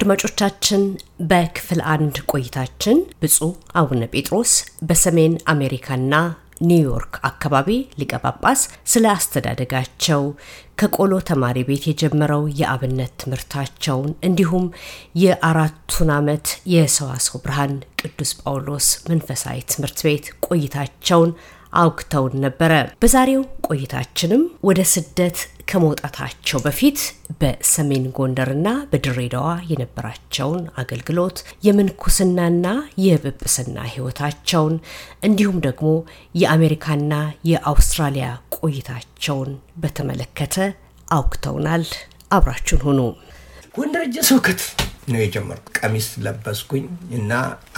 አድማጮቻችን በክፍል አንድ ቆይታችን ብፁዕ አቡነ ጴጥሮስ በሰሜን አሜሪካና ኒውዮርክ አካባቢ ሊቀጳጳስ ስለ አስተዳደጋቸው ከቆሎ ተማሪ ቤት የጀመረው የአብነት ትምህርታቸውን እንዲሁም የአራቱን ዓመት የሰዋሰው ብርሃን ቅዱስ ጳውሎስ መንፈሳዊ ትምህርት ቤት ቆይታቸውን አውክተው ነበረ። በዛሬው ቆይታችንም ወደ ስደት ከመውጣታቸው በፊት በሰሜን ጎንደርና በድሬዳዋ የነበራቸውን አገልግሎት፣ የምንኩስናና የጵጵስና ህይወታቸውን እንዲሁም ደግሞ የአሜሪካና የአውስትራሊያ ቆይታቸውን በተመለከተ አውክተውናል አብራችን ሁኑ። ጎንደር እጀ ነው የጀመርኩት። ቀሚስ ለበስኩኝ እና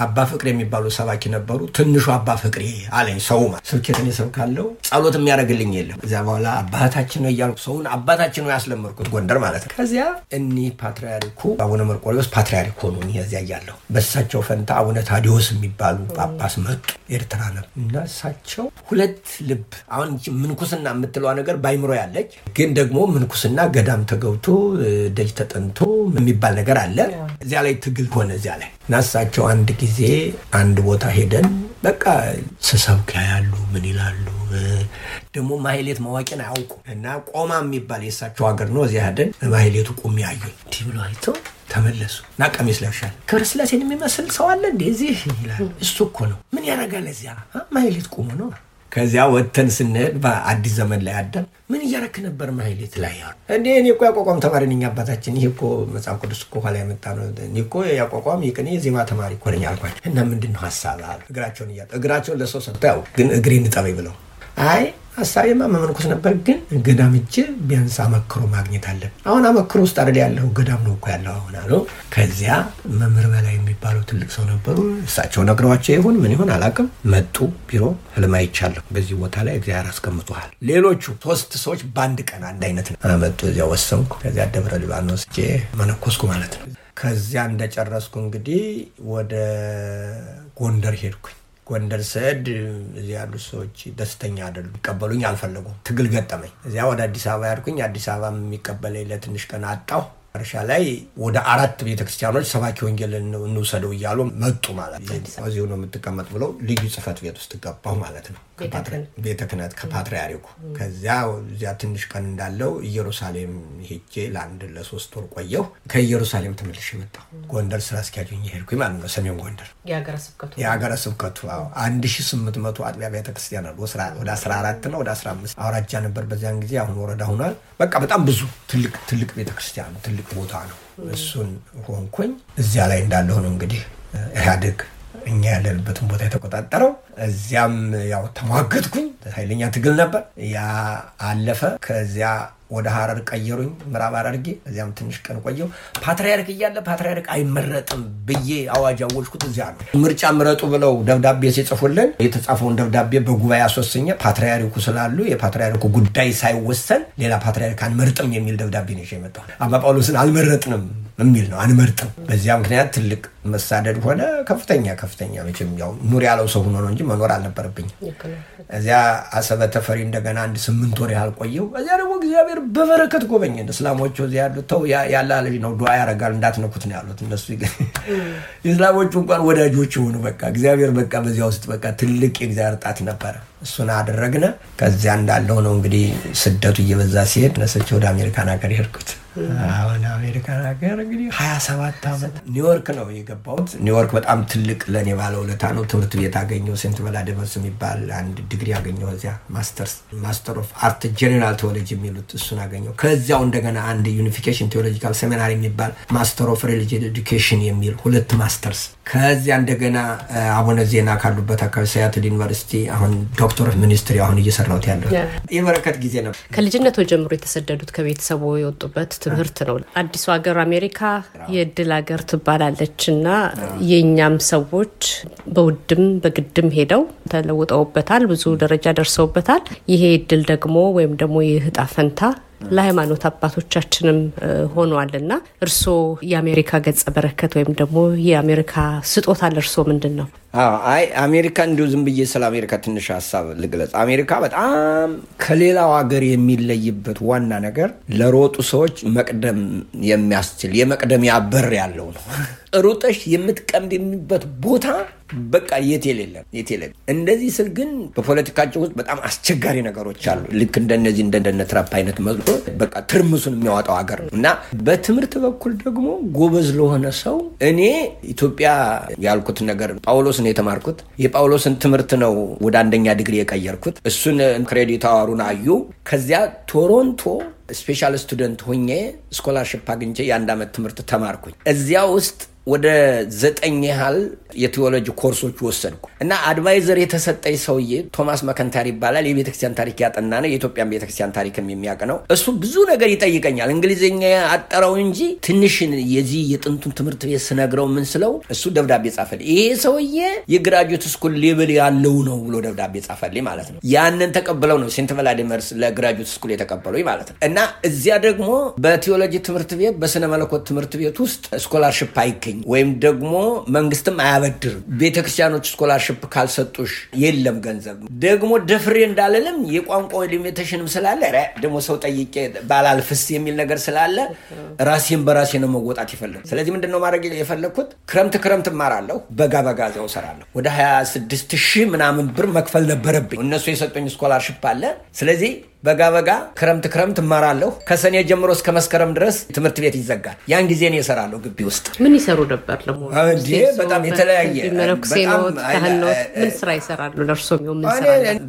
አባ ፍቅሬ የሚባሉ ሰባኪ ነበሩ። ትንሹ አባ ፍቅሬ አለኝ። ሰው ስብኬትን የሰብካለው ጸሎት የሚያደርግልኝ የለም። እዚያ በኋላ አባታችን ነው እያልኩ ሰውን አባታችን ነው ያስለመርኩት፣ ጎንደር ማለት ነው። ከዚያ እኒህ ፓትርያርኩ አቡነ መርቆሪዎስ ፓትርያርክ ሆኑ። እዚያ እያለሁ በእሳቸው ፈንታ አቡነ ታዲዎስ የሚባሉ ጳጳስ መጡ። ኤርትራ ነበር እና እሳቸው ሁለት ልብ አሁን ምንኩስና የምትለዋ ነገር ባይምሮ ያለች ግን ደግሞ ምንኩስና ገዳም ተገብቶ ደጅ ተጠንቶ የሚባል ነገር አለ እዚያ ላይ ትግል ሆነ። እዚያ ላይ ናሳቸው አንድ ጊዜ አንድ ቦታ ሄደን በቃ ስሰብክ ያሉ ምን ይላሉ። ደግሞ ማህሌት ማዋቂን አያውቁ እና ቆማ የሚባል የእሳቸው ሀገር ነው። እዚያ ሄደን ማህሌቱ ቁም ያዩኝ እንዲህ ብሎ አይተው ተመለሱ እና ቀሚስ ለብሻል ክብረ ስላሴን የሚመስል ሰው አለ እንዴ እዚህ ይላል። እሱ እኮ ነው ምን ያደርጋል እዚያ ማህሌት ቁሙ ነው ከዚያ ወተን ስንሄድ በአዲስ ዘመን ላይ አደም ምን እያረክ ነበር? ማህሌት ላይ ያ እንዲህ እኔ እኮ ያቋቋም ተማሪ ነኝ አባታችን፣ ይህ እኮ መጽሐፍ ቅዱስ እኮ ኋላ የመጣ ነው። እኔ እኮ ያቋቋም ይቅን የዜማ ተማሪ እኮ ነኝ አልኳቸው። እና ምንድን ነው ሀሳብ አሉ። እግራቸውን እያ እግራቸውን ለሰው ሰጥተው ያው ግን እግሬ ንጠበኝ ብለው አይ ማ መመንኮስ ነበር፣ ግን ገዳም እጅ ቢያንስ አመክሮ ማግኘት አለን። አሁን አመክሮ ውስጥ አይደል ያለው ገዳም ነው እኮ ያለው አሁን አለው። ከዚያ መምህር በላይ የሚባለው ትልቅ ሰው ነበሩ። እሳቸው ነግረዋቸው ይሁን ምን ይሁን አላውቅም፣ መጡ ቢሮ ህልም አይቻለሁ፣ በዚህ ቦታ ላይ እግዚአብሔር አስቀምጦሃል። ሌሎቹ ሶስት ሰዎች በአንድ ቀን አንድ አይነት መጡ። እዚያ ወሰንኩ። ከዚያ ደብረ ሊባኖስ ሄጄ መነኮስኩ ማለት ነው። ከዚያ እንደጨረስኩ እንግዲህ ወደ ጎንደር ሄድኩኝ። ጎንደር ስዕድ እዚ ያሉ ሰዎች ደስተኛ አይደሉም። ይቀበሉኝ አልፈለጉም። ትግል ገጠመኝ። እዚያ ወደ አዲስ አበባ ያድኩኝ። አዲስ አበባ የሚቀበለኝ ለትንሽ ቀን አጣሁ። እርሻ ላይ ወደ አራት ቤተክርስቲያኖች ሰባኪ ወንጌል እንውሰደው እያሉ መጡ ማለት እዚሁ ነው የምትቀመጥ ብለው ልዩ ጽህፈት ቤት ውስጥ ገባው ማለት ነው። ቤተ ክህነት ከፓትርያርኩ ከዚያ እዚያ ትንሽ ቀን እንዳለው ኢየሩሳሌም ሄጄ ለአንድ ለሶስት ወር ቆየሁ። ከኢየሩሳሌም ተመልሼ መጣሁ። ጎንደር ስራ አስኪያጅ ሄድኩኝ ማለት ነው። ሰሜን ጎንደር የሀገረ ስብከቱ አንድ ሺህ ስምንት መቶ አጥቢያ ቤተክርስቲያን አሉ። ወደ አስራ አራት ነው ወደ አስራ አምስት አውራጃ ነበር በዚያን ጊዜ። አሁን ወረዳ ሁኗል። በቃ በጣም ብዙ ትልቅ ትልቅ ቤተክርስቲያን ነው። ትልቅ ቦታ ነው። እሱን ሆንኩኝ። እዚያ ላይ እንዳለሁ ነው እንግዲህ ኢህአዴግ እኛ ያለንበትን ቦታ የተቆጣጠረው። እዚያም ያው ተሟገትኩኝ። ኃይለኛ ትግል ነበር። ያ አለፈ። ከዚያ ወደ ሀረር ቀየሩኝ፣ ምዕራብ ሐረርጌ። እዚያም ትንሽ ቀን ቆየው። ፓትርያርክ እያለ ፓትርያርክ አይመረጥም ብዬ አዋጅ አወጅኩት። እዚያ ነው ምርጫ ምረጡ ብለው ደብዳቤ ሲጽፉልን የተጻፈውን ደብዳቤ በጉባኤ አስወስኜ ፓትርያርኩ ስላሉ የፓትርያርኩ ጉዳይ ሳይወሰን ሌላ ፓትርያርክ አንመርጥም የሚል ደብዳቤ ነው ይዤ አባ ጳውሎስን አልመረጥንም የሚል ነው። አንመርጥም። በዚያ ምክንያት ትልቅ መሳደድ ሆነ። ከፍተኛ ከፍተኛ መቼም ያው ኑር ያለው ሰው ሆኖ ነው እንጂ መኖር አልነበረብኝ። እዚያ አሰበ ተፈሪ እንደገና አንድ ስምንት ወር ያህል ቆየው። እዚያ ደግሞ እግዚአብሔር በበረከት ጎበኘን። እስላሞቹ እዚያ ያሉት ተው ያለ ልጅ ነው ዱዓ ያደርጋል እንዳትነኩት ነው ያሉት እነሱ። የእስላሞቹ እንኳን ወዳጆች የሆኑ በቃ እግዚአብሔር በቃ በዚያ ውስጥ በቃ ትልቅ የእግዚአብሔር ጣት ነበረ። እሱን አደረግነ። ከዚያ እንዳለው ነው እንግዲህ ስደቱ እየበዛ ሲሄድ ነሰች ወደ አሜሪካን ሀገር ሄድኩት። አሁን አሜሪካን ሀገር እንግዲህ ሀያ ሰባት ዓመት ኒውዮርክ ነው የገባሁት። ኒውዮርክ በጣም ትልቅ ለእኔ ውለታ ነው። ትምህርት ቤት አገኘሁ። ሴንት በላደመስ የሚባል አንድ ዲግሪ አገኘሁ። እዚያ ማስተርስ ማስተር ኦፍ አርት ጀኔራል ቴዎሎጂ የሚሉት እሱን አገኘሁ። ከዚያው እንደገና አንድ ዩኒፊኬሽን ቴዎሎጂካል ሴሚናሪ የሚባል ማስተር ኦፍ ሪሊጅን ኤዱኬሽን የሚል ሁለት ማስተርስ ከዚያ እንደገና አቡነ ዜና ካሉበት አካባቢ ሰያትል ዩኒቨርሲቲ አሁን ዶክተር ኦፍ ሚኒስትሪ አሁን እየሰራሁት ያለው የበረከት ጊዜ ነው። ከልጅነቱ ጀምሮ የተሰደዱት ከቤተሰቡ የወጡበት ትምህርት ነው። አዲሱ ሀገር አሜሪካ የእድል ሀገር ትባላለች እና የእኛም ሰዎች በውድም በግድም ሄደው ተለውጠውበታል፣ ብዙ ደረጃ ደርሰውበታል። ይሄ እድል ደግሞ ወይም ደግሞ ይህ እጣ ፈንታ ለሃይማኖት አባቶቻችንም እና እርስዎ የአሜሪካ ገጸ በረከት ወይም ደግሞ የአሜሪካ ስጦታ ለእርስዎ ምንድን ነው? አይ አሜሪካ እንዲሁ ዝም ብዬ ስለ አሜሪካ ትንሽ ሀሳብ ልግለጽ። አሜሪካ በጣም ከሌላው ሀገር የሚለይበት ዋና ነገር ለሮጡ ሰዎች መቅደም የሚያስችል የመቅደሚያ በር ያለው ነው። ሩጠሽ የምትቀምድሚበት ቦታ በቃ የት የሌለም የት የሌለም። እንደዚህ ስል ግን በፖለቲካቸው ውስጥ በጣም አስቸጋሪ ነገሮች አሉ። ልክ እንደነዚህ እንደነ ትራምፕ አይነት መልሶ በቃ ትርምሱን የሚያወጣው ሀገር ነው እና በትምህርት በኩል ደግሞ ጎበዝ ለሆነ ሰው እኔ ኢትዮጵያ ያልኩት ነገር ጳውሎስ ነው የተማርኩት። የጳውሎስን ትምህርት ነው ወደ አንደኛ ዲግሪ የቀየርኩት። እሱን ክሬዲት አዋሩን አዩ። ከዚያ ቶሮንቶ ስፔሻል ስቱደንት ሆኜ ስኮላርሽፕ አግኝቼ የአንድ ዓመት ትምህርት ተማርኩኝ። እዚያ ውስጥ ወደ ዘጠኝ ያህል የቴዎሎጂ ኮርሶች ወሰድኩ እና አድቫይዘር የተሰጠኝ ሰውዬ ቶማስ መከንታሪ ይባላል። የቤተክርስቲያን ታሪክ ያጠና ነው። የኢትዮጵያን ቤተክርስቲያን ታሪክም የሚያውቅ ነው። እሱ ብዙ ነገር ይጠይቀኛል። እንግሊዝኛ አጠረው እንጂ ትንሽን የዚህ የጥንቱን ትምህርት ቤት ስነግረው ምን ስለው እሱ ደብዳቤ ጻፈልኝ። ይሄ ሰውዬ የግራጁዌት ስኩል ሌብል ያለው ነው ብሎ ደብዳቤ ጻፈልኝ ማለት ነው። ያንን ተቀብለው ነው ሴንት ቭላዲመርስ ለግራጁዌት ስኩል የተቀበሉኝ ማለት ነው። እና እዚያ ደግሞ በቴዎሎጂ ትምህርት ቤት በስነ መለኮት ትምህርት ቤት ውስጥ ስኮላርሽፕ አይገኝ አያገኝም፣ ወይም ደግሞ መንግስትም አያበድርም። ቤተክርስቲያኖች ስኮላርሽፕ ካልሰጡሽ የለም ገንዘብ። ደግሞ ደፍሬ እንዳልልም የቋንቋ ሊሚቴሽንም ስላለ ደግሞ ሰው ጠይቄ ባላልፍስ የሚል ነገር ስላለ ራሴን በራሴ ነው መወጣት ይፈልግ። ስለዚህ ምንድነው ማድረግ የፈለግኩት ክረምት ክረምት እማራለሁ፣ በጋ በጋ እዛው እሰራለሁ። ወደ 26 ሺህ ምናምን ብር መክፈል ነበረብኝ። እነሱ የሰጡኝ ስኮላርሽፕ አለ። ስለዚህ በጋ በጋ ክረምት ክረምት እማራለሁ። ከሰኔ ጀምሮ እስከ መስከረም ድረስ ትምህርት ቤት ይዘጋል። ያን ጊዜ እኔ እሰራለሁ ግቢ ውስጥ። ምን ይሰሩ ነበር? በጣም የተለያየ ምን ስራ ይሰራሉ? ለእርሶ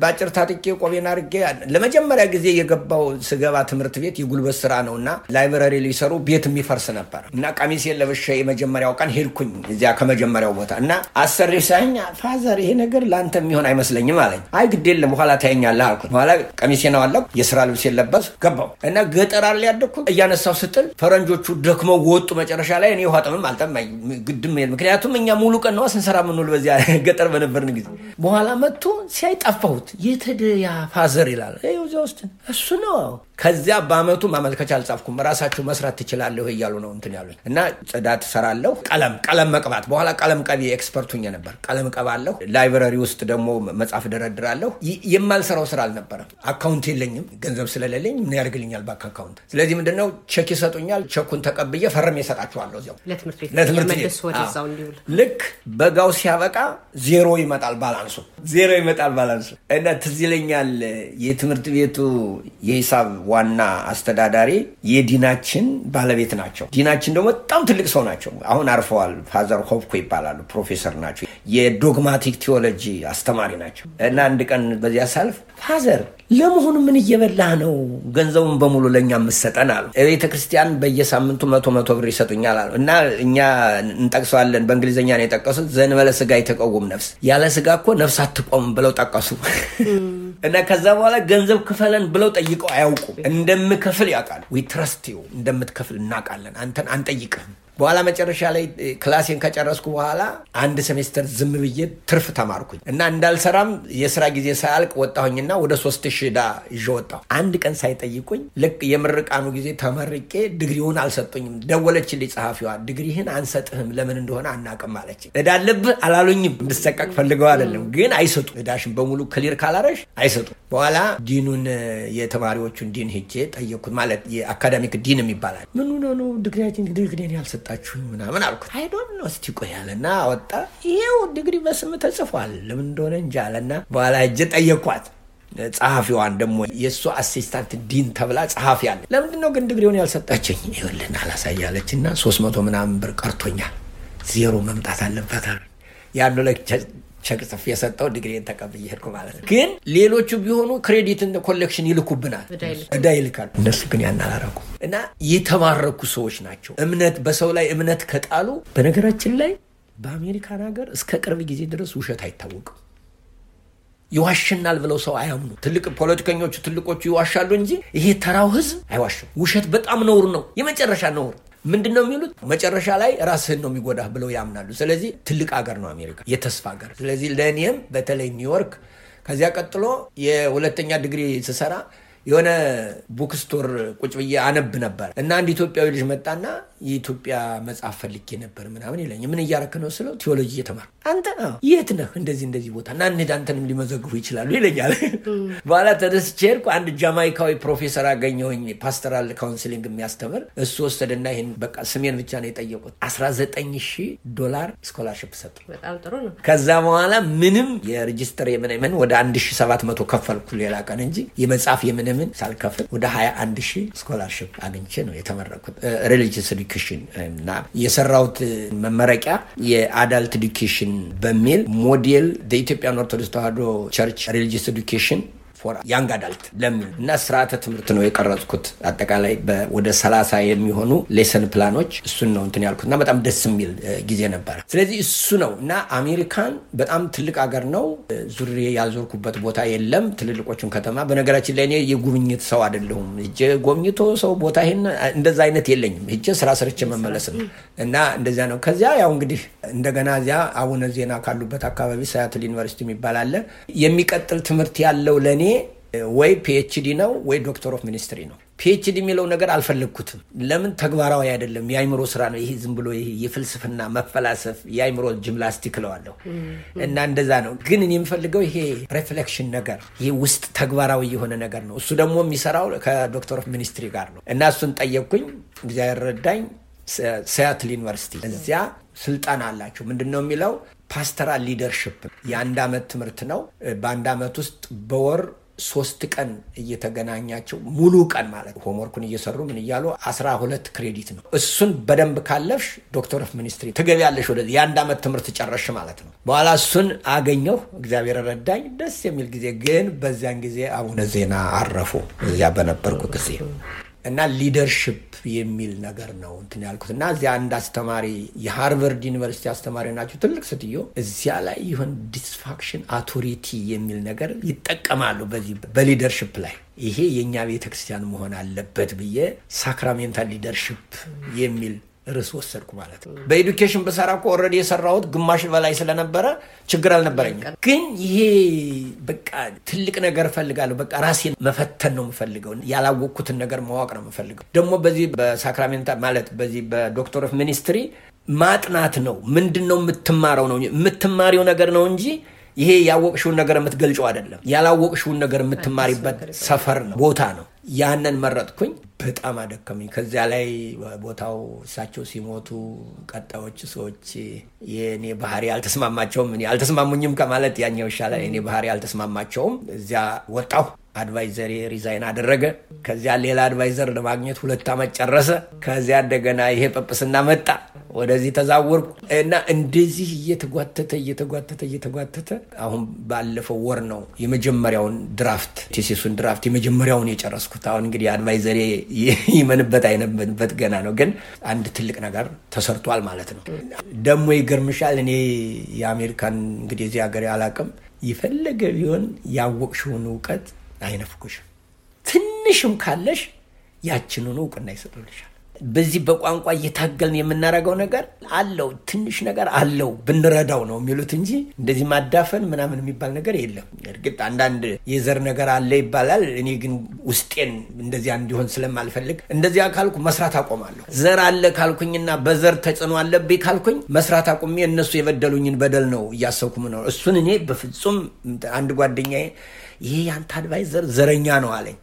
በአጭር ታጥቄ ቆቤን አድርጌ ለመጀመሪያ ጊዜ የገባው ስገባ ትምህርት ቤት የጉልበት ስራ ነው እና ላይብረሪ ሊሰሩ ቤት የሚፈርስ ነበር እና ቀሚሴን ለብሼ የመጀመሪያው ቀን ሄድኩኝ እዚያ ከመጀመሪያው ቦታ እና አሰሪ ሳይኝ ፋዘር፣ ይሄ ነገር ለአንተ የሚሆን አይመስለኝም አለኝ። አይ ግድ የለም በኋላ ታየኛለህ አልኩት። በኋላ ቀሚሴ ነው አለ የስራ ልብስ የለበስ ገባው እና ገጠር አለ ያደግኩ እያነሳው ስጥል ፈረንጆቹ ደክመው ወጡ። መጨረሻ ላይ እኔ ውሃ ጥምም አልጠማኝ ግድም ል ምክንያቱም እኛ ሙሉ ቀን ነዋ ስንሰራ ምንል በዚያ ገጠር በነበርን ጊዜ። በኋላ መጥቶ ሲያይ ጠፋሁት። የተደያ ፋዘር ይላል። እዚያ ውስጥ እሱ ነው ከዚያ በአመቱ ማመልከቻ አልጻፍኩም፣ ራሳችሁ መስራት ትችላለሁ እያሉ ነው እንትን ያሉኝ እና ጽዳት እሰራለሁ። ቀለም ቀለም መቅባት በኋላ ቀለም ቀቢ ኤክስፐርት ነበር። ቀለም ቀባለሁ። ላይብረሪ ውስጥ ደግሞ መጽሐፍ ደረድራለሁ። የማልሰራው ስራ አልነበረም። አካውንት የለኝም፣ ገንዘብ ስለሌለኝ ምን ያደርግልኛል ባንክ አካውንት። ስለዚህ ምንድነው ቼክ ይሰጡኛል። ቼኩን ተቀብዬ ፈርሜ እሰጣችኋለሁ እዚያው ለትምህርት ቤት። ልክ በጋው ሲያበቃ ዜሮ ይመጣል ባላንሱ፣ ዜሮ ይመጣል ባላንሱ እና ትዝ ይለኛል የትምህርት ቤቱ የሂሳብ ዋና አስተዳዳሪ የዲናችን ባለቤት ናቸው። ዲናችን ደግሞ በጣም ትልቅ ሰው ናቸው። አሁን አርፈዋል። ፋዘር ሆፕኮ ይባላሉ። ፕሮፌሰር ናቸው። የዶግማቲክ ቴዎሎጂ አስተማሪ ናቸው እና አንድ ቀን በዚያ ሳልፍ ፋዘር ለመሆኑ ምን እየበላህ ነው? ገንዘቡን በሙሉ ለእኛ የምሰጠን አሉ። ቤተ ክርስቲያን በየሳምንቱ መቶ መቶ ብር ይሰጡኛል አሉ እና እኛ እንጠቅሰዋለን። በእንግሊዝኛ ነው የጠቀሱት። ዘንበለ ስጋ የተቀውም ነፍስ፣ ያለ ስጋ እኮ ነፍስ አትቆም ብለው ጠቀሱ። እና ከዛ በኋላ ገንዘብ ክፈለን ብለው ጠይቀው አያውቁም። እንደምከፍል ያውቃል። ዊ ትረስት ዩ እንደምትከፍል እናውቃለን። አንተን አንጠይቅህም። በኋላ መጨረሻ ላይ ክላሴን ከጨረስኩ በኋላ አንድ ሴሜስተር ዝም ብዬ ትርፍ ተማርኩኝ እና እንዳልሰራም የስራ ጊዜ ሳያልቅ ወጣሁኝና ወደ ሶስት ሺህ ዕዳ ይዤ ወጣሁ። አንድ ቀን ሳይጠይቁኝ ልክ የምርቃኑ ጊዜ ተመርቄ ድግሪውን አልሰጡኝም። ደወለችልኝ ጸሐፊዋ፣ ድግሪህን አንሰጥህም ለምን እንደሆነ አናቅም አለች። ዕዳ አለብህ አላሉኝም። እንድሰቀቅ ፈልገው አይደለም ግን አይሰጡ፣ ዕዳሽን በሙሉ ክሊር ካላረሽ አይሰጡ። በኋላ ዲኑን የተማሪዎቹን ዲን ሄጄ ጠየቅኩት። ማለት የአካዳሚክ ዲን የሚባላል ምን ነው ድግሪያችን ድግሪን ያልሰጡ ሰጣችሁኝ ምናምን አልኩት። አይዶን ነው እስቲ ቆይ አለና አወጣ። ይሄው ዲግሪ በስም ተጽፏል ለምን እንደሆነ እንጂ አለና በኋላ እጀ ጠየኳት። ጸሐፊዋን ደግሞ የእሱ አሲስታንት ዲን ተብላ ጸሐፊ አለ። ለምንድን ነው ግን ድግሪውን ያልሰጣችኝ? ይኸውልህን አላሳያለች እና ሶስት መቶ ምናምን ብር ቀርቶኛል ዜሮ መምጣት አለበት አሉ። ያን ቸክ ጽፍ የሰጠው ዲግሪን ተቀብዬ ሄድኩ ማለት ነው። ግን ሌሎቹ ቢሆኑ ክሬዲትን ኮሌክሽን ይልኩብናል፣ እዳ ይልካል። እነሱ ግን ያናላረኩ እና የተባረኩ ሰዎች ናቸው። እምነት በሰው ላይ እምነት ከጣሉ በነገራችን ላይ በአሜሪካን ሀገር እስከ ቅርብ ጊዜ ድረስ ውሸት አይታወቅም። ይዋሽናል ብለው ሰው አያምኑ። ትልቅ ፖለቲከኞቹ ትልቆቹ ይዋሻሉ እንጂ ይሄ ተራው ህዝብ አይዋሽም። ውሸት በጣም ነውር ነው፣ የመጨረሻ ነውር። ምንድን ነው የሚሉት? መጨረሻ ላይ ራስህን ነው የሚጎዳህ ብለው ያምናሉ። ስለዚህ ትልቅ አገር ነው አሜሪካ፣ የተስፋ አገር። ስለዚህ ለእኔም በተለይ ኒውዮርክ፣ ከዚያ ቀጥሎ የሁለተኛ ዲግሪ ስሰራ የሆነ ቡክስቶር ቁጭ ብዬ አነብ ነበር እና አንድ ኢትዮጵያዊ ልጅ መጣና የኢትዮጵያ መጽሐፍ ፈልጌ ነበር ምናምን ይለኝ። ምን እያረክ ነው ስለው ቴዎሎጂ እየተማርኩ አንተ የት ነህ? እንደዚህ እንደዚህ ቦታ እና እንሂድ አንተንም ሊመዘግቡ ይችላሉ ይለኛል። በኋላ ተደስቼ ሄድኩ። አንድ ጃማይካዊ ፕሮፌሰር አገኘሁኝ፣ ፓስተራል ካውንስሊንግ የሚያስተምር እሱ ወሰደና ይህን በቃ ስሜን ብቻ ነው የጠየቁት። 19 ሺህ ዶላር ስኮላርሽፕ ሰጡ። በጣም ጥሩ ነው። ከዛ በኋላ ምንም የሬጅስተር የምንምን ወደ 1700 ከፈልኩ ሌላ ቀን እንጂ የመጽሐፍ የምንምን ሳልከፍል ወደ 21 ሺህ ስኮላርሽፕ አግኝቼ ነው የተመረኩት። ሪሊጅስ ኤዱኬሽን እና የሰራሁት መመረቂያ የአዳልት ኤዱኬሽን በሚል ሞዴል ዘ ኢትዮጵያን ኦርቶዶክስ ተዋህዶ ቸርች ሪሊጂየስ ኤዱኬሽን ፎር ያንግ አዳልት ለሚል እና ስርዓተ ትምህርት ነው የቀረጽኩት። አጠቃላይ ወደ ሰላሳ የሚሆኑ ሌሰን ፕላኖች እሱን ነው እንትን ያልኩት እና በጣም ደስ የሚል ጊዜ ነበረ። ስለዚህ እሱ ነው እና አሜሪካን በጣም ትልቅ ሀገር ነው። ዙሬ ያዞርኩበት ቦታ የለም። ትልልቆቹን ከተማ በነገራችን ላይ እኔ የጉብኝት ሰው አይደለሁም። ሄጄ ጎብኝቶ ሰው ቦታ ይሄን እንደዛ አይነት የለኝም። ሄጄ ስራ ሰርቼ መመለስ ነው እና እንደዚያ ነው። ከዚያ ያው እንግዲህ እንደገና እዚያ አቡነ ዜና ካሉበት አካባቢ ሳያትል ዩኒቨርሲቲ የሚባል አለ የሚቀጥል ትምህርት ያለው ለእኔ ወይ ፒኤችዲ ነው ወይ ዶክተር ኦፍ ሚኒስትሪ ነው። ፒኤችዲ የሚለው ነገር አልፈለግኩትም። ለምን ተግባራዊ አይደለም? የአይምሮ ስራ ነው። ይሄ ዝም ብሎ ይሄ የፍልስፍና መፈላሰፍ የአይምሮ ጅምላስቲክ ለዋለሁ እና እንደዛ ነው። ግን እኔ የምፈልገው ይሄ ሬፍሌክሽን ነገር ይሄ ውስጥ ተግባራዊ የሆነ ነገር ነው። እሱ ደግሞ የሚሰራው ከዶክተር ኦፍ ሚኒስትሪ ጋር ነው እና እሱን ጠየቅኩኝ። እግዚአብሔር ረዳኝ። ሲያትል ዩኒቨርሲቲ እዚያ ስልጠና አላቸው። ምንድን ነው የሚለው ፓስተራል ሊደርሽፕ የአንድ ዓመት ትምህርት ነው። በአንድ ዓመት ውስጥ በወር ሶስት ቀን እየተገናኛቸው ሙሉ ቀን ማለት ሆምወርኩን እየሰሩ ምን እያሉ አስራ ሁለት ክሬዲት ነው። እሱን በደንብ ካለፍሽ ዶክተር ኦፍ ሚኒስትሪ ትገቢያለሽ ወደ የአንድ ዓመት ትምህርት ጨረሽ ማለት ነው። በኋላ እሱን አገኘሁ፣ እግዚአብሔር ረዳኝ። ደስ የሚል ጊዜ ግን በዚያን ጊዜ አቡነ ዜና አረፉ እዚያ በነበርኩ ጊዜ እና ሊደርሽፕ የሚል ነገር ነው እንትን ያልኩት እና እዚያ አንድ አስተማሪ የሃርቨርድ ዩኒቨርሲቲ አስተማሪ ናቸው፣ ትልቅ ስትዮ። እዚያ ላይ ይሆን ዲስፋክሽን አውቶሪቲ የሚል ነገር ይጠቀማሉ በዚህ በሊደርሽፕ ላይ። ይሄ የእኛ ቤተክርስቲያን መሆን አለበት ብዬ ሳክራሜንታል ሊደርሽፕ የሚል ርዕስ ወሰድኩ ማለት ነው። በኤዱኬሽን ብሰራ እኮ ኦልሬዲ የሰራሁት ግማሽ በላይ ስለነበረ ችግር አልነበረኝም። ግን ይሄ በቃ ትልቅ ነገር እፈልጋለሁ። በቃ ራሴን መፈተን ነው የምፈልገው። ያላወቅኩትን ነገር ማወቅ ነው የምፈልገው። ደግሞ በዚህ በሳክራሜንታ ማለት በዚህ በዶክተር ኦፍ ሚኒስትሪ ማጥናት ነው። ምንድን ነው የምትማረው ነው የምትማሪው ነገር ነው እንጂ ይሄ ያወቅሽውን ነገር የምትገልጨው አይደለም። ያላወቅሽውን ነገር የምትማሪበት ሰፈር ነው ቦታ ነው። ያንን መረጥኩኝ። በጣም አደከመኝ። ከዚያ ላይ ቦታው እሳቸው ሲሞቱ ቀጣዮቹ ሰዎች የእኔ ባህሪ አልተስማማቸውም። እኔ አልተስማሙኝም ከማለት ያኛው ይሻላል። የእኔ ባህሪ አልተስማማቸውም። እዚያ ወጣሁ። አድቫይዘሪ ሪዛይን አደረገ። ከዚያ ሌላ አድቫይዘር ለማግኘት ሁለት ዓመት ጨረሰ። ከዚያ እንደገና ይሄ ጵጵስና መጣ። ወደዚህ ተዛወርኩ እና እንደዚህ እየተጓተተ እየተጓተተ እየተጓተተ አሁን ባለፈው ወር ነው የመጀመሪያውን ድራፍት ቴሲሱን ድራፍት የመጀመሪያውን የጨረስኩት። አሁን እንግዲህ አድቫይዘሪ ይመንበት አይመንበት ገና ነው፣ ግን አንድ ትልቅ ነገር ተሰርቷል ማለት ነው። ደግሞ ይገርምሻል፣ እኔ የአሜሪካን እንግዲህ እዚህ ሀገር አላቅም፣ የፈለገ ቢሆን ያወቅሽውን እውቀት አይነፍኩሽም። ትንሽም ካለሽ ያችንን እውቅና ይሰጡልሻል። በዚህ በቋንቋ እየታገልን የምናደርገው ነገር አለው፣ ትንሽ ነገር አለው ብንረዳው ነው የሚሉት እንጂ እንደዚህ ማዳፈን ምናምን የሚባል ነገር የለም። እርግጥ አንዳንድ የዘር ነገር አለ ይባላል። እኔ ግን ውስጤን እንደዚያ እንዲሆን ስለማልፈልግ እንደዚያ ካልኩ መስራት አቆማለሁ። ዘር አለ ካልኩኝና በዘር ተጽዕኖ አለብኝ ካልኩኝ መስራት አቁሜ እነሱ የበደሉኝን በደል ነው እያሰብኩ ነው። እሱን እኔ በፍጹም አንድ ጓደኛዬ ይሄ የአንተ አድቫይዘር ዘረኛ ነው አለኝ።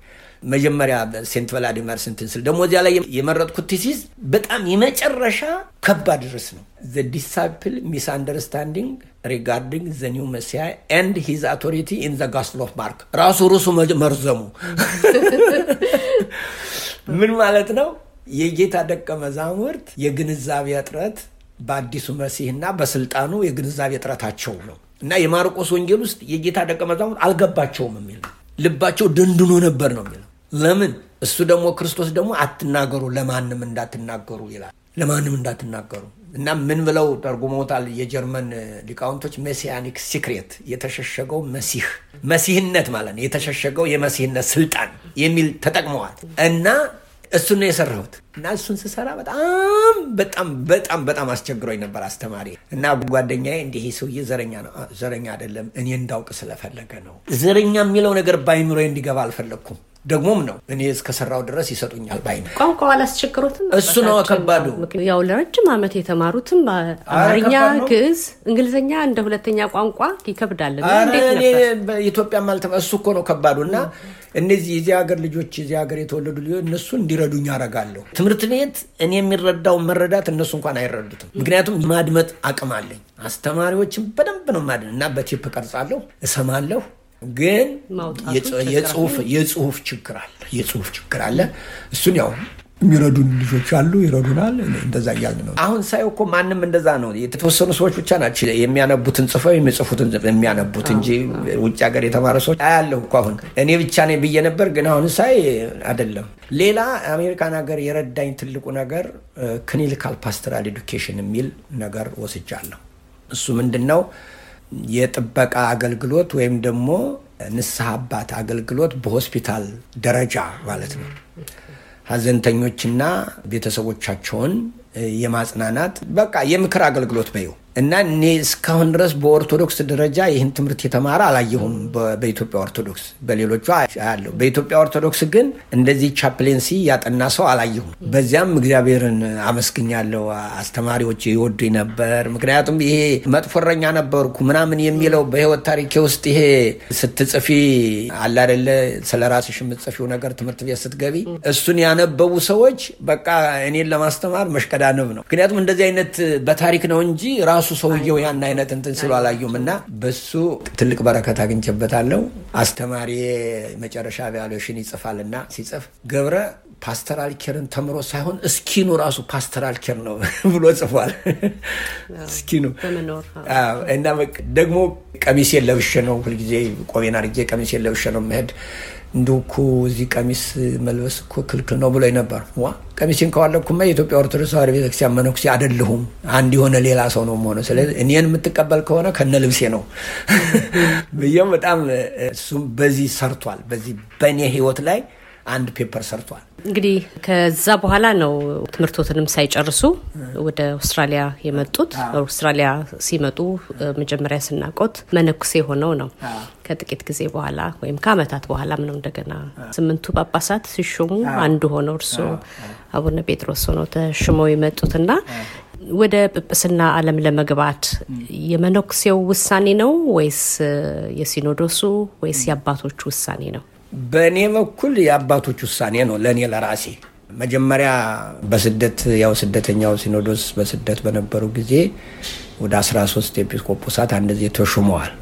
መጀመሪያ ሴንት ቭላዲሚር ስንትን ስል ደግሞ እዚያ ላይ የመረጥኩት ቲሲስ በጣም የመጨረሻ ከባድ ርዕስ ነው። ዘ ዲሳይፕል ሚስ አንደርስታንዲንግ ሪጋርዲንግ ዘ ኒው መሲያ ኤንድ ሂዝ አውቶሪቲ ኢን ዘ ጋስፕል ኦፍ ማርክ። ራሱ ርዕሱ መርዘሙ ምን ማለት ነው? የጌታ ደቀ መዛሙርት የግንዛቤ እጥረት በአዲሱ መሲህና በስልጣኑ የግንዛቤ እጥረታቸው ነው እና የማርቆስ ወንጌል ውስጥ የጌታ ደቀ መዛሙርት አልገባቸውም የሚል ልባቸው ደንድኖ ነበር ነው የሚለው ለምን እሱ ደግሞ ክርስቶስ ደግሞ አትናገሩ ለማንም እንዳትናገሩ ይላል። ለማንም እንዳትናገሩ እና ምን ብለው ተርጉመውታል የጀርመን ሊቃውንቶች? ሜሲያኒክ ሲክሬት የተሸሸገው መሲህ መሲህነት ማለት ነው። የተሸሸገው የመሲህነት ስልጣን የሚል ተጠቅመዋል እና እሱን ነው የሰራሁት እና እሱን ስሰራ በጣም በጣም በጣም በጣም አስቸግሮኝ ነበር አስተማሪ እና ጓደኛ እንዲህ ሰውዬ ዘረኛ ነው። ዘረኛ አይደለም እኔ እንዳውቅ ስለፈለገ ነው። ዘረኛ የሚለው ነገር ባይኑሮ እንዲገባ አልፈለግኩም። ደግሞም ነው እኔ እስከሰራው ድረስ ይሰጡኛል ባይ ቋንቋ አላስቸግሮትም። እሱ ነው ከባዱ። ያው ለረጅም ዓመት የተማሩትም አማርኛ፣ ግዕዝ፣ እንግሊዝኛ እንደ ሁለተኛ ቋንቋ ይከብዳል። ኢትዮጵያ ማለት እሱ እኮ ነው ከባዱ እና እነዚህ የዚህ ሀገር ልጆች የዚህ ሀገር የተወለዱ ልጆች እነሱ እንዲረዱኝ አረጋለሁ። ትምህርት ቤት እኔ የሚረዳው መረዳት እነሱ እንኳን አይረዱትም። ምክንያቱም ማድመጥ አቅም አለኝ። አስተማሪዎችን በደንብ ነው ማድመጥ እና በቴፕ ቀርጻለሁ፣ እሰማለሁ ግን የጽሁፍ ችግር አለ። የጽሁፍ ችግር አለ። እሱን ያው የሚረዱን ልጆች አሉ፣ ይረዱናል። እንደዛ እያልን ነው። አሁን ሳይው እኮ ማንም እንደዛ ነው። የተወሰኑ ሰዎች ብቻ ናቸው የሚያነቡትን ጽፈው የሚጽፉትን የሚያነቡት እንጂ ውጭ ሀገር የተማረ ሰዎች አያለሁ እኮ አሁን እኔ ብቻ ነኝ ብዬ ነበር፣ ግን አሁን ሳይ አይደለም። ሌላ አሜሪካን ሀገር የረዳኝ ትልቁ ነገር ክኒልካል ፓስተራል ኤዱኬሽን የሚል ነገር ወስጃለሁ። እሱ ምንድን ነው? የጥበቃ አገልግሎት ወይም ደግሞ ንስሐ አባት አገልግሎት በሆስፒታል ደረጃ ማለት ነው። ሀዘንተኞችና ቤተሰቦቻቸውን የማጽናናት በቃ የምክር አገልግሎት በይው እና እኔ እስካሁን ድረስ በኦርቶዶክስ ደረጃ ይህን ትምህርት የተማረ አላየሁም። በኢትዮጵያ ኦርቶዶክስ በሌሎቹ አያለሁ። በኢትዮጵያ ኦርቶዶክስ ግን እንደዚህ ቻፕሌንሲ ያጠና ሰው አላየሁም። በዚያም እግዚአብሔርን አመስግኛለሁ። አስተማሪዎች ይወዱ ነበር። ምክንያቱም ይሄ መጥፎ እረኛ ነበርኩ ምናምን የሚለው በህይወት ታሪኬ ውስጥ ይሄ ስትጽፊ አለ አይደለ፣ ስለ ራስሽ የምትጽፊው ነገር ትምህርት ቤት ስትገቢ እሱን ያነበቡ ሰዎች በቃ እኔን ለማስተማር መሽቀዳነብ ነው። ምክንያቱም እንደዚህ አይነት በታሪክ ነው እንጂ ራሱ ሰውየው ያን አይነት እንትን ስሎ አላዩም እና በሱ ትልቅ በረከት አግኝቼበታለሁ። አስተማሪ መጨረሻ ቫሉዌሽን ይጽፋል እና ሲጽፍ ገብረ ፓስተራል ኬርን ተምሮ ሳይሆን እስኪኑ ራሱ ፓስተራል ኬር ነው ብሎ ጽፏል። እስኪኑ እና ደግሞ ቀሚሴን ለብሼ ነው ሁልጊዜ ቆቤን አድርጌ ቀሚሴን ለብሼ ነው መሄድ እንዲሁ እኮ እዚህ ቀሚስ መልበስ እኮ ክልክል ነው ብሎኝ ነበር። ዋ ቀሚሴን ከዋለኩማ የኢትዮጵያ ኦርቶዶክስ ተዋሕዶ ቤተክርስቲያን መነኩሴ አይደለሁም፣ አንድ የሆነ ሌላ ሰው ነው የምሆነው። ስለዚህ እኔን የምትቀበል ከሆነ ከነ ልብሴ ነው ብዬም በጣም እሱም በዚህ ሰርቷል። በዚህ በእኔ ህይወት ላይ አንድ ፔፐር ሰርቷል። እንግዲህ ከዛ በኋላ ነው ትምህርቶትንም ሳይጨርሱ ወደ አውስትራሊያ የመጡት። አውስትራሊያ ሲመጡ መጀመሪያ ስናቆት መነኩሴ ሆነው ነው። ከጥቂት ጊዜ በኋላ ወይም ከአመታት በኋላም ነው እንደገና ስምንቱ ጳጳሳት ሲሾሙ አንዱ ሆነው እርስዎ አቡነ ጴጥሮስ ሆነው ተሽመው የመጡትና ወደ ጵጵስና ዓለም ለመግባት የመነኩሴው ውሳኔ ነው ወይስ የሲኖዶሱ ወይስ የአባቶቹ ውሳኔ ነው? በእኔ በኩል የአባቶች ውሳኔ ነው። ለእኔ ለራሴ መጀመሪያ በስደት ያው ስደተኛው ሲኖዶስ በስደት በነበሩ ጊዜ ወደ 13 ኤጲስቆጶሳት አንድ ጊዜ ተሹመዋል።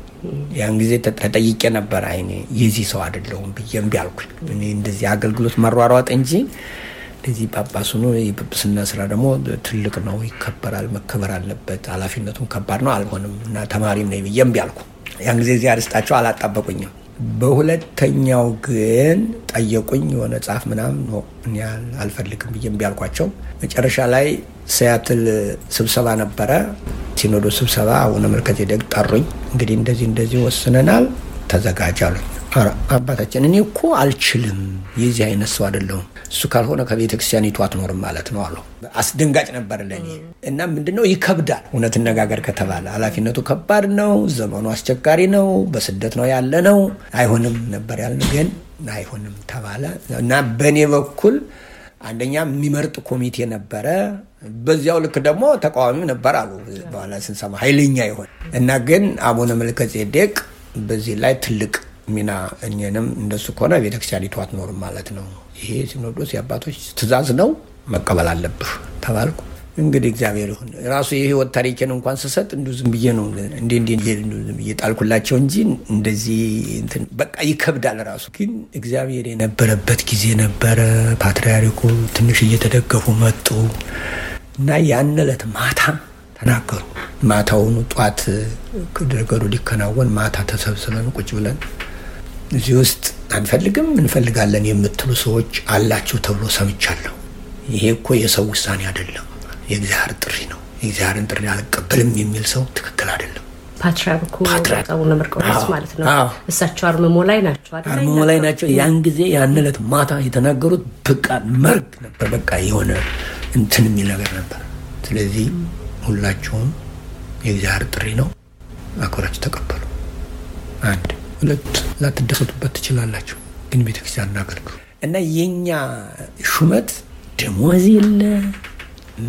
ያን ጊዜ ተጠይቄ ነበር። አይኔ የዚህ ሰው አይደለሁም ብዬ እምቢ አልኩኝ። እኔ እንደዚህ አገልግሎት መሯሯጥ እንጂ እንደዚህ ጳጳሱ ነው የጵጵስና ስራ ደግሞ ትልቅ ነው፣ ይከበራል፣ መከበር አለበት። ኃላፊነቱን ከባድ ነው፣ አልሆንም እና ተማሪም ነኝ ብዬ እምቢ አልኩ። ያን ጊዜ እዚህ አርስጣቸው አላጣበቁኝም። በሁለተኛው ግን ጠየቁኝ። የሆነ ጻፍ ምናምን እኔ አልፈልግም ብዬ እምቢ አልኳቸው። መጨረሻ ላይ ሲያትል ስብሰባ ነበረ፣ ሲኖዶ ስብሰባ። አቡነ መልከጼዴቅ ጠሩኝ። እንግዲህ እንደዚህ እንደዚህ ወስነናል፣ ተዘጋጅ አሉኝ። አባታችን እኔ እኮ አልችልም፣ የዚህ አይነት ሰው አይደለሁም እሱ ካልሆነ ከቤተ ክርስቲያኒቱ አትኖርም ማለት ነው አሉ። አስደንጋጭ ነበር ለኔ እና ምንድነው ይከብዳል። እውነት ነጋገር ከተባለ ኃላፊነቱ ከባድ ነው። ዘመኑ አስቸጋሪ ነው። በስደት ነው ያለ ነው። አይሆንም ነበር ያልን፣ ግን አይሆንም ተባለ እና በእኔ በኩል አንደኛ የሚመርጥ ኮሚቴ ነበረ። በዚያው ልክ ደግሞ ተቃዋሚ ነበር አሉ። በኋላ ስንሰማ ኃይለኛ ይሆን እና ግን አቡነ መልከ ጼዴቅ በዚህ ላይ ትልቅ ሚና እኔንም እንደሱ ከሆነ ቤተክርስቲያኒቱ አትኖርም ማለት ነው ይሄ ሲኖዶስ የአባቶች ትእዛዝ ነው መቀበል አለብህ ተባልኩ። እንግዲህ እግዚአብሔር ይሁን ራሱ የህይወት ታሪኬን እንኳን ስሰጥ እንዱ ዝም ብዬ ነው እንዲ ዝም ብዬ ጣልኩላቸው እንጂ እንደዚህ በቃ ይከብዳል። ራሱ ግን እግዚአብሔር የነበረበት ጊዜ ነበረ። ፓትርያርኩ ትንሽ እየተደገፉ መጡ እና ያን ዕለት ማታ ተናገሩ። ማታውኑ ጧት ነገሩ ሊከናወን ማታ ተሰብስበን ቁጭ ብለን እዚህ ውስጥ አንፈልግም እንፈልጋለን የምትሉ ሰዎች አላችሁ ተብሎ ሰምቻለሁ። ይሄ እኮ የሰው ውሳኔ አይደለም፣ የእግዚአብሔር ጥሪ ነው። የእግዚአብሔርን ጥሪ አልቀበልም የሚል ሰው ትክክል አይደለም። ፓትርያርኩ አቡነ መርቆሬዎስ ማለት ነው። እሳቸው አርምሞ ላይ ናቸው፣ አርምሞ ላይ ናቸው። ያን ጊዜ ያን ዕለት ማታ የተናገሩት በቃ መርግ ነበር። በቃ የሆነ እንትን የሚል ነገር ነበር። ስለዚህ ሁላችሁም የእግዚአብሔር ጥሪ ነው፣ አክብራችሁ ተቀበሉ። አንድ ሁለት ላትደሰቱበት ትችላላችሁ፣ ግን ቤተክርስቲያን እናገልግሉ እና የኛ ሹመት ደሞዝ የለ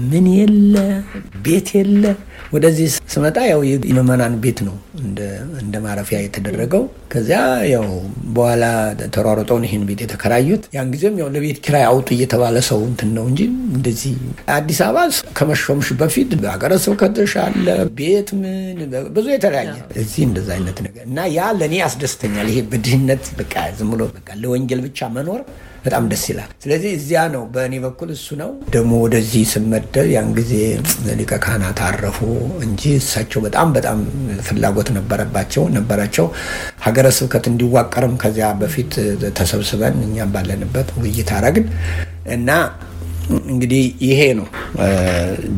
ምን የለ ቤት የለ። ወደዚህ ስመጣ ያው የመመናን ቤት ነው እንደ ማረፊያ የተደረገው። ከዚያ ያው በኋላ ተሯርጠውን ይህን ቤት የተከራዩት ያን ጊዜም ያው ለቤት ኪራይ አውጡ እየተባለ ሰው እንትን ነው እንጂ እንደዚህ አዲስ አበባ ከመሾምሽ በፊት ሀገረ ስብከትሽ አለ ቤት ምን ብዙ የተለያየ እዚህ እንደዛ አይነት ነገር እና ያ ለእኔ ያስደስተኛል። ይሄ በድህነት በቃ ዝም ብሎ በቃ ለወንጌል ብቻ መኖር በጣም ደስ ይላል። ስለዚህ እዚያ ነው በእኔ በኩል እሱ ነው። ደግሞ ወደዚህ ስመደብ ያን ጊዜ ሊቀ ካህናት አረፉ እንጂ እሳቸው በጣም በጣም ፍላጎት ነበረባቸው ነበራቸው። ሀገረ ስብከት እንዲዋቀርም ከዚያ በፊት ተሰብስበን እኛም ባለንበት ውይይት አረግን እና እንግዲህ ይሄ ነው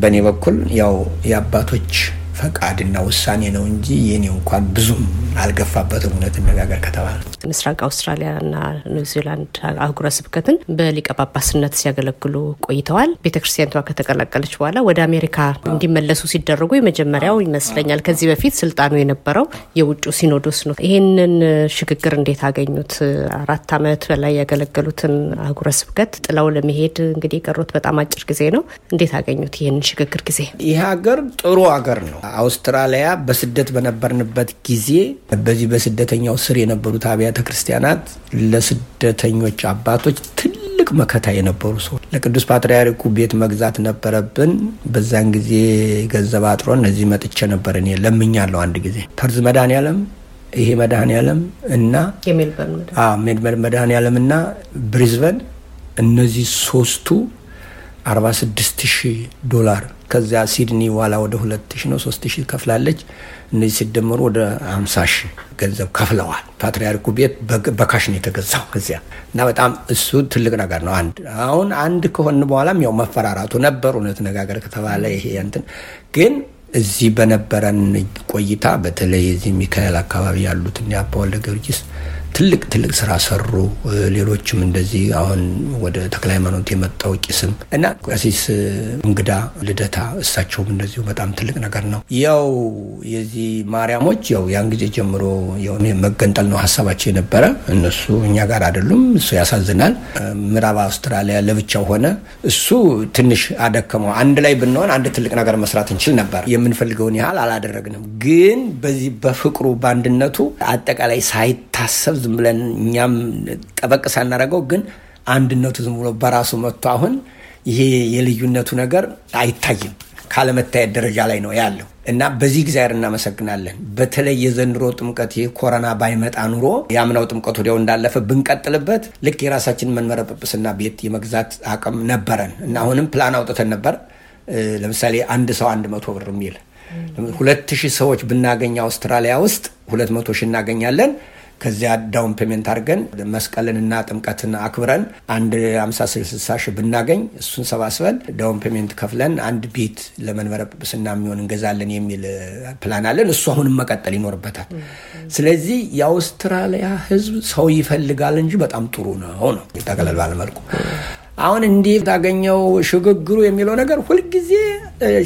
በእኔ በኩል ያው የአባቶች ፈቃድና ውሳኔ ነው እንጂ የኔ እንኳን ብዙም አልገፋበትም። እውነት እነጋገር ከተባለ ምስራቅ አውስትራሊያና ኒውዚላንድ አህጉረ ስብከትን በሊቀ ጳጳስነት ሲያገለግሉ ቆይተዋል። ቤተክርስቲያኒቷ ከተቀላቀለች በኋላ ወደ አሜሪካ እንዲመለሱ ሲደረጉ የመጀመሪያው ይመስለኛል። ከዚህ በፊት ስልጣኑ የነበረው የውጭው ሲኖዶስ ነው። ይህንን ሽግግር እንዴት አገኙት? አራት ዓመት በላይ ያገለገሉትን አህጉረ ስብከት ጥለው ለመሄድ እንግዲህ የቀሩት በጣም አጭር ጊዜ ነው። እንዴት አገኙት ይህንን ሽግግር ጊዜ? ይህ ሀገር ጥሩ ሀገር ነው። አውስትራሊያ በስደት በነበርንበት ጊዜ በዚህ በስደተኛው ስር የነበሩት አብያተ ክርስቲያናት ለስደተኞች አባቶች ትልቅ መከታ የነበሩ ሰዎች ለቅዱስ ፓትርያርኩ ቤት መግዛት ነበረብን። በዛን ጊዜ ገንዘብ አጥሮን እዚህ መጥቼ ነበር። እኔ ለምኛለሁ አንድ ጊዜ ፐርዝ መድኃኔዓለም ይሄ መድኃኔዓለም እና ሜልበርን መድኃኔዓለም እና ብሪዝበን እነዚህ ሶስቱ 46 ሺህ ዶላር ከዚያ ሲድኒ ዋላ ወደ 2000 ነው 3000 ከፍላለች። እነዚህ ሲደመሩ ወደ 50 ሺህ ገንዘብ ከፍለዋል። ፓትሪያርኩ ቤት በካሽ ነው የተገዛው እዚያ እና በጣም እሱ ትልቅ ነገር ነው። አንድ አሁን አንድ ከሆን በኋላም ያው መፈራራቱ ነበር። እውነት ነጋገር ከተባለ ይሄ እንትን ግን እዚህ በነበረን ቆይታ በተለይ እዚህ ሚካኤል አካባቢ ያሉትን የአባ ወልደ ጊዮርጊስ ትልቅ ትልቅ ስራ ሰሩ። ሌሎችም እንደዚህ አሁን ወደ ተክለ ሃይማኖት የመጣው ቂስም እና ቀሲስ እንግዳ ልደታ እሳቸውም እንደዚሁ በጣም ትልቅ ነገር ነው። ያው የዚህ ማርያሞች ያው ያን ጊዜ ጀምሮ መገንጠል ነው ሀሳባቸው የነበረ እነሱ እኛ ጋር አይደሉም። እሱ ያሳዝናል። ምዕራብ አውስትራሊያ ለብቻው ሆነ። እሱ ትንሽ አደከመው። አንድ ላይ ብንሆን አንድ ትልቅ ነገር መስራት እንችል ነበር። የምንፈልገውን ያህል አላደረግንም። ግን በዚህ በፍቅሩ በአንድነቱ አጠቃላይ ሳይት ሳናሳሰብ ዝም ብለን እኛም ጠበቅ ሳናረገው ግን አንድነቱ ዝም ብሎ በራሱ መጥቶ አሁን ይሄ የልዩነቱ ነገር አይታይም። ካለመታየት ደረጃ ላይ ነው ያለው እና በዚህ እግዚአብሔር እናመሰግናለን። በተለይ የዘንድሮ ጥምቀት ይህ ኮረና ባይመጣ ኑሮ የአምናው ጥምቀት ወዲያው እንዳለፈ ብንቀጥልበት ልክ የራሳችን መንበረ ጵጵስና ቤት የመግዛት አቅም ነበረን እና አሁንም ፕላን አውጥተን ነበር። ለምሳሌ አንድ ሰው አንድ መቶ ብር የሚል ሁለት ሺህ ሰዎች ብናገኝ አውስትራሊያ ውስጥ ሁለት መቶ ሺህ እናገኛለን። ከዚያ ዳውን ፔመንት አድርገን መስቀልንና ጥምቀትን አክብረን አንድ 50 60 ሺህ ብናገኝ እሱን ሰባስበን ዳውን ፔመንት ከፍለን አንድ ቤት ለመንበረ ጵጵስና የሚሆን እንገዛለን የሚል ፕላን አለን። እሱ አሁንም መቀጠል ይኖርበታል። ስለዚህ የአውስትራሊያ ሕዝብ ሰው ይፈልጋል እንጂ በጣም ጥሩ ነው ነው ጠቅለል ባለመልኩ አሁን እንዲህ ታገኘው ሽግግሩ የሚለው ነገር ሁልጊዜ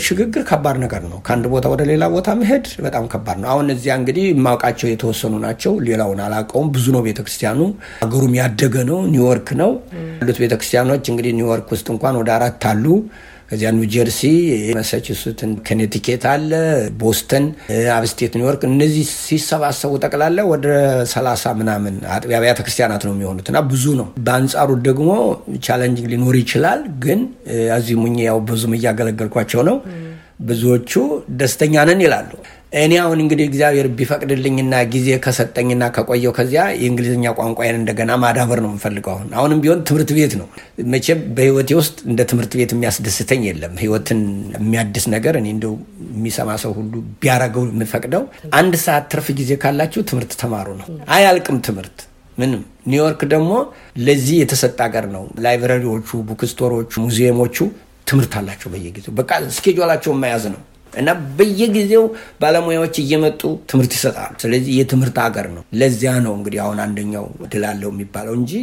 ሽግግር ከባድ ነገር ነው። ከአንድ ቦታ ወደ ሌላ ቦታ መሄድ በጣም ከባድ ነው። አሁን እዚያ እንግዲህ የማውቃቸው የተወሰኑ ናቸው። ሌላውን አላውቀውም። ብዙ ነው ቤተክርስቲያኑ። አገሩም ያደገ ነው። ኒውዮርክ ነው ያሉት ቤተክርስቲያኖች። እንግዲህ ኒውዮርክ ውስጥ እንኳን ወደ አራት አሉ። ከዚያ ኒውጀርሲ፣ ጀርሲ፣ ማሳቹሴትን፣ ኮኔቲኬት አለ፣ ቦስተን፣ አብስቴት ኒውዮርክ። እነዚህ ሲሰባሰቡ ጠቅላላ ወደ ሰላሳ ምናምን አብያተ ክርስቲያናት ነው የሚሆኑት እና ብዙ ነው። በአንጻሩ ደግሞ ቻለንጅ ሊኖር ይችላል። ግን እዚህ ሙኜ ያው ብዙም እያገለገልኳቸው ነው። ብዙዎቹ ደስተኛ ነን ይላሉ። እኔ አሁን እንግዲህ እግዚአብሔር ቢፈቅድልኝና ጊዜ ከሰጠኝና ከቆየው ከዚያ የእንግሊዝኛ ቋንቋዬን እንደገና ማዳበር ነው የምፈልገው። አሁን አሁንም ቢሆን ትምህርት ቤት ነው። መቼም በህይወቴ ውስጥ እንደ ትምህርት ቤት የሚያስደስተኝ የለም። ህይወትን የሚያድስ ነገር እኔ እንደው የሚሰማ ሰው ሁሉ ቢያረገው የምፈቅደው አንድ ሰዓት ትርፍ ጊዜ ካላችሁ ትምህርት ተማሩ ነው። አያልቅም ትምህርት ምንም ኒውዮርክ ደግሞ ለዚህ የተሰጠ ሀገር ነው። ላይብረሪዎቹ፣ ቡክስቶሮቹ፣ ሙዚየሞቹ ትምህርት አላቸው። በየጊዜው በቃ እስኬጁላቸውን መያዝ ነው። እና በየጊዜው ባለሙያዎች እየመጡ ትምህርት ይሰጣሉ። ስለዚህ የትምህርት ሀገር ነው። ለዚያ ነው እንግዲህ አሁን አንደኛው ድላለው የሚባለው እንጂ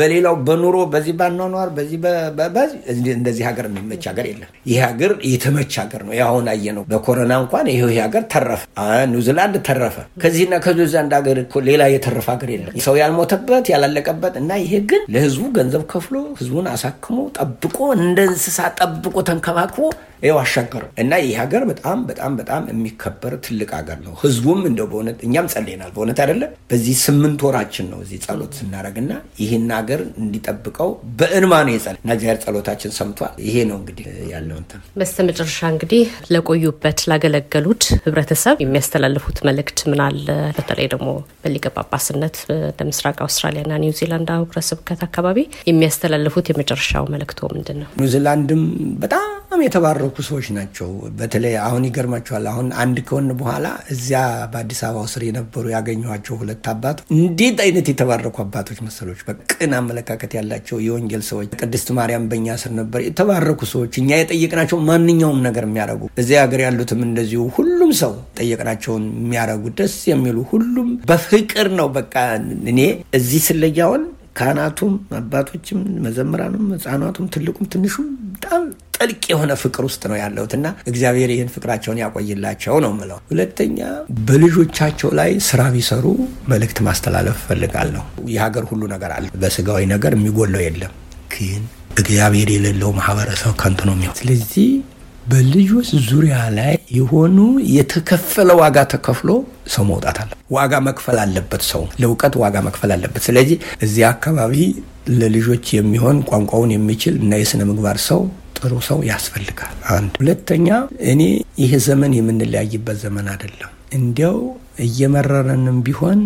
በሌላው በኑሮ በዚህ ባኗኗር በዚህ እንደዚህ ሀገር የሚመች ሀገር የለም። ይህ ሀገር የተመች ሀገር ነው። አሁን አየ ነው በኮረና እንኳን ይህ ሀገር ተረፈ፣ ኒውዚላንድ ተረፈ። ከዚህና ከኒውዚላንድ ሀገር ሌላ የተረፈ ሀገር የለም። ሰው ያልሞተበት ያላለቀበት እና ይሄ ግን ለህዝቡ ገንዘብ ከፍሎ ህዝቡን አሳክሞ ጠብቆ እንደ እንስሳ ጠብቆ ተንከባክቦ ይኸው አሻገረው እና ይህ ሀገር በጣም በጣም በጣም የሚከበር ትልቅ ሀገር ነው። ህዝቡም እንደ በእውነት እኛም ጸልናል በእውነት አይደለም በዚህ ስምንት ወራችን ነው እዚህ ጸሎት ስናደርግና ይህን ሀገር እንዲጠብቀው በእንማ ነው የጸል እና እግዚአብሔር ጸሎታችን ሰምቷል። ይሄ ነው እንግዲህ ያለው እንትን። በስተ መጨረሻ እንግዲህ ለቆዩበት ላገለገሉት ህብረተሰብ የሚያስተላልፉት መልእክት ምን አለ? በተለይ ደግሞ በሊቀ ጳጳስነት ለምስራቅ አውስትራሊያና ኒውዚላንድ አህጉረ ስብከት አካባቢ የሚያስተላልፉት የመጨረሻው መልእክቶ ምንድን ነው? ኒውዚላንድም በጣም የተባረ የሚያረኩ ሰዎች ናቸው። በተለይ አሁን ይገርማቸዋል። አሁን አንድ ከሆን በኋላ እዚያ በአዲስ አበባ ስር የነበሩ ያገኘኋቸው ሁለት አባቶች እንዴት አይነት የተባረኩ አባቶች መሰሎች! በቅን አመለካከት ያላቸው የወንጌል ሰዎች፣ ቅድስት ማርያም በእኛ ስር ነበር። የተባረኩ ሰዎች እኛ የጠየቅናቸው ማንኛውም ነገር የሚያደርጉ እዚያ ሀገር ያሉትም እንደዚሁ ሁሉም ሰው ጠየቅናቸውን የሚያደርጉ ደስ የሚሉ ሁሉም በፍቅር ነው። በቃ እኔ እዚህ ስለያውን ካህናቱም አባቶችም መዘምራኑም ህፃናቱም ትልቁም ትንሹም በጣም ጥልቅ የሆነ ፍቅር ውስጥ ነው ያለሁት እና እግዚአብሔር ይህን ፍቅራቸውን ያቆይላቸው ነው ምለው። ሁለተኛ በልጆቻቸው ላይ ስራ ቢሰሩ መልእክት ማስተላለፍ እፈልጋለሁ። የሀገር ሁሉ ነገር አለ፣ በስጋዊ ነገር የሚጎለው የለም። ግን እግዚአብሔር የሌለው ማህበረሰብ ከንቱ ነው የሚሆን። ስለዚህ በልጆች ዙሪያ ላይ የሆኑ የተከፈለ ዋጋ ተከፍሎ ሰው መውጣት አለ። ዋጋ መክፈል አለበት ሰው ለእውቀት ዋጋ መክፈል አለበት። ስለዚህ እዚያ አካባቢ ለልጆች የሚሆን ቋንቋውን የሚችል እና የስነ ምግባር ሰው ጥሩ ሰው ያስፈልጋል። አንድ ሁለተኛ፣ እኔ ይህ ዘመን የምንለያይበት ዘመን አይደለም። እንዲያው እየመረረንም ቢሆን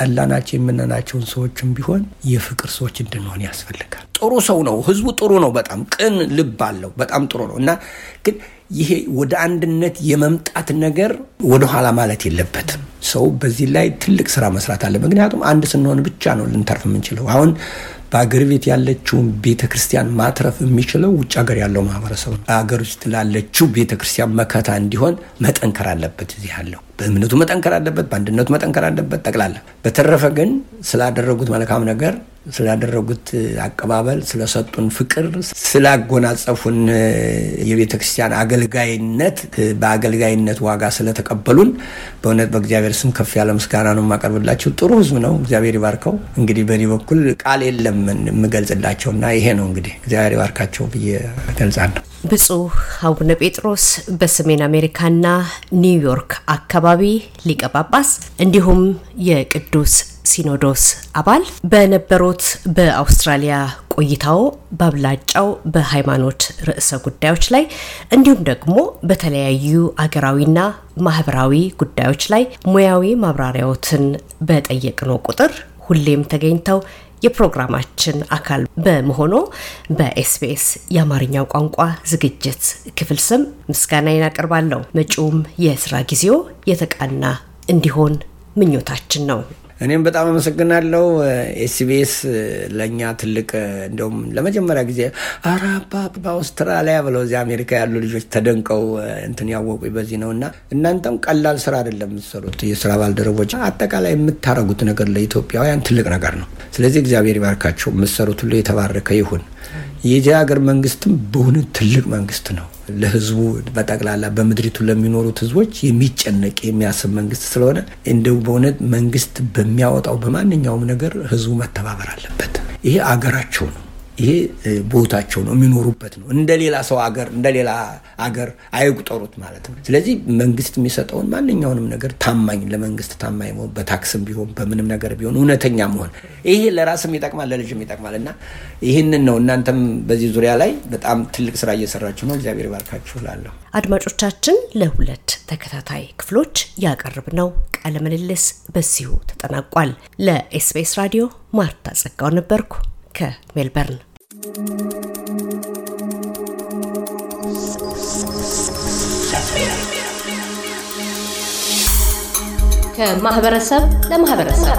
ጠላናቸው የምናናቸውን ሰዎችም ቢሆን የፍቅር ሰዎች እንድንሆን ያስፈልጋል። ጥሩ ሰው ነው ህዝቡ፣ ጥሩ ነው፣ በጣም ቅን ልብ አለው፣ በጣም ጥሩ ነው እና ግን ይሄ ወደ አንድነት የመምጣት ነገር ወደኋላ ማለት የለበትም። ሰው በዚህ ላይ ትልቅ ስራ መስራት አለ። ምክንያቱም አንድ ስንሆን ብቻ ነው ልንተርፍ የምንችለው አሁን በአገር ቤት ያለችውን ቤተ ክርስቲያን ማትረፍ የሚችለው ውጭ ሀገር ያለው ማህበረሰብ ነው። አገር ውስጥ ላለችው ቤተ ክርስቲያን መከታ እንዲሆን መጠንከር አለበት። እዚህ ያለው በእምነቱ መጠንከር አለበት፣ በአንድነቱ መጠንከር አለበት። ጠቅላላ በተረፈ ግን ስላደረጉት መልካም ነገር ስላደረጉት አቀባበል፣ ስለሰጡን ፍቅር፣ ስላጎናጸፉን የቤተ ክርስቲያን አገልጋይነት በአገልጋይነት ዋጋ ስለተቀበሉን በእውነት በእግዚአብሔር ስም ከፍ ያለ ምስጋና ነው የማቀርብላቸው። ጥሩ ህዝብ ነው። እግዚአብሔር ይባርከው። እንግዲህ በዚህ በኩል ቃል የለም የምገልጽላቸው እና ይሄ ነው እንግዲህ እግዚአብሔር ይባርካቸው ብዬ ገልጻለሁ። ብፁዕ አቡነ ጴጥሮስ በሰሜን አሜሪካና ኒውዮርክ አካባቢ ሊቀ ጳጳስ እንዲሁም የቅዱስ ሲኖዶስ አባል በነበሩት በአውስትራሊያ ቆይታው በአብላጫው በሃይማኖት ርዕሰ ጉዳዮች ላይ እንዲሁም ደግሞ በተለያዩ አገራዊና ማህበራዊ ጉዳዮች ላይ ሙያዊ ማብራሪያዎትን በጠየቅነው ቁጥር ሁሌም ተገኝተው የፕሮግራማችን አካል በመሆኑ በኤስቢኤስ የአማርኛው ቋንቋ ዝግጅት ክፍል ስም ምስጋናዬን አቀርባለሁ። መጪውም የስራ ጊዜው የተቃና እንዲሆን ምኞታችን ነው። እኔም በጣም አመሰግናለሁ። ኤስቢኤስ ለእኛ ትልቅ እንደውም ለመጀመሪያ ጊዜ አራባ በአውስትራሊያ ብለው እዚህ አሜሪካ ያሉ ልጆች ተደንቀው እንትን ያወቁ በዚህ ነው እና እናንተም ቀላል ስራ አይደለም የምትሰሩት የስራ ባልደረቦች፣ አጠቃላይ የምታረጉት ነገር ለኢትዮጵያውያን ትልቅ ነገር ነው። ስለዚህ እግዚአብሔር ይባርካቸው። የምትሰሩት ሁሉ የተባረከ ይሁን። የዚህ ሀገር መንግስትም በእውነት ትልቅ መንግስት ነው። ለህዝቡ በጠቅላላ በምድሪቱ ለሚኖሩት ህዝቦች የሚጨነቅ የሚያስብ መንግስት ስለሆነ እንደው በእውነት መንግስት በሚያወጣው በማንኛውም ነገር ህዝቡ መተባበር አለበት። ይሄ አገራቸው ነው። ይሄ ቦታቸው ነው፣ የሚኖሩበት ነው። እንደ ሌላ ሰው አገር እንደ ሌላ አገር አይቁጠሩት ማለት ነው። ስለዚህ መንግስት የሚሰጠውን ማንኛውንም ነገር ታማኝ ለመንግስት ታማኝ መሆን በታክስም ቢሆን በምንም ነገር ቢሆን እውነተኛ መሆን ይሄ ለራስም ይጠቅማል፣ ለልጅም ይጠቅማል እና ይህንን ነው። እናንተም በዚህ ዙሪያ ላይ በጣም ትልቅ ስራ እየሰራችሁ ነው። እግዚአብሔር ይባርካችሁ እላለሁ። አድማጮቻችን ለሁለት ተከታታይ ክፍሎች ነው ቃለ ምልልስ በዚሁ ተጠናቋል። ለኤስቢኤስ ራዲዮ ማርታ ጸጋው ነበርኩ። مكة ملبرن ከማህበረሰብ ለማህበረሰብ